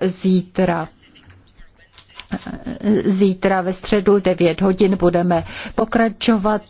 zítra. Zítra ve středu 9 hodin budeme pokračovat